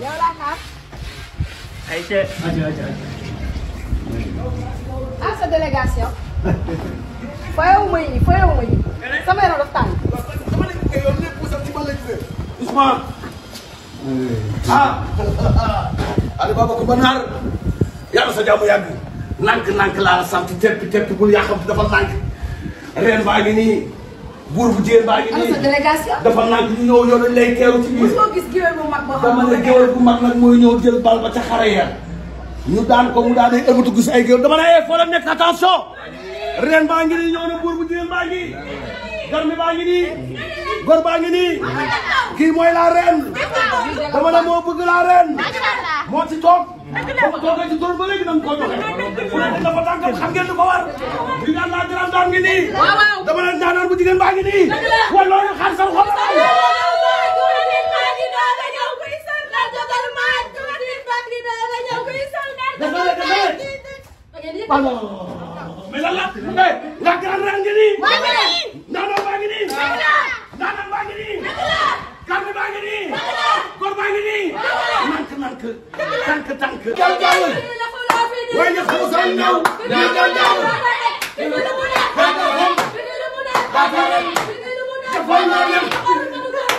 yow laa xaar. ayca ayca ayca. ah sa délégation. fayewu ma yi fayewu ma yi. sama yaram dafa tàng. dama leen di yow lépp sax la laa la sant tepp tepp bul yàqam dafa nànk. ren baa ngi nii. buur bu jéem baa ngi nii sa délégation dafa nag ñu ñëw yow dañ lay dama ne géwél bu mag nag mooy ñëw jël bal ba ca xare ya daan ko mu daan ay ëlbatu gis ay géwél dama ne eh foo la nekk attention ren baa ngi nii ñëw na baa ngi ngi nii góor baa ngi nii kii mooy la ren dama ne moo bëgg la ren moo ci toog comme toogee ci tool ba léegi na nga ko joxe fu nekk dafa tànkam xam ngeen lu ko war ñu daan laa jaram daan ngi nii dama ne ndaanaan bu jigéen baa ngi nii. dëgg la wala loolu xaar sa xol. mais lan la mais la grande reine ngi nii. ndaanaan baa ngi nii. ndaanaan baa ngi nii. kàddu baa ngi nii. góor baa ngi nii. nank nank tànk tànk. waaye nga xam sa ñaw.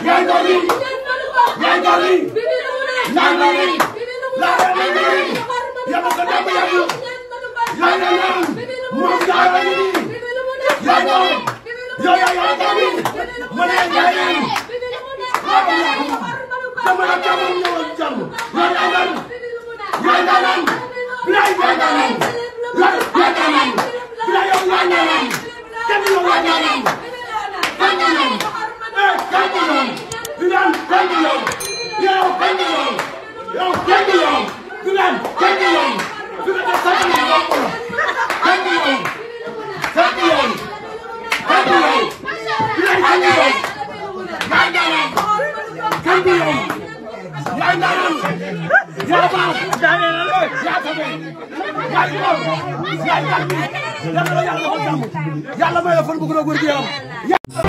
Ñaay Dolli Ñaay Dolli Ñaay Dolli Ñaay Dolli yàlla ko dàmb yàgg Ñaay Dolli moom Ñaay Dolli Ñaay Dolli yow yaa yaa Dolli mu ne Ñaay Dolli kenn du yow yaay ndaanaan yaa baax yaa tabe yaa ñor yaa tàgg yàlla la yàlla defal jàmm yàlla may la fan bu gën a góor gi yaram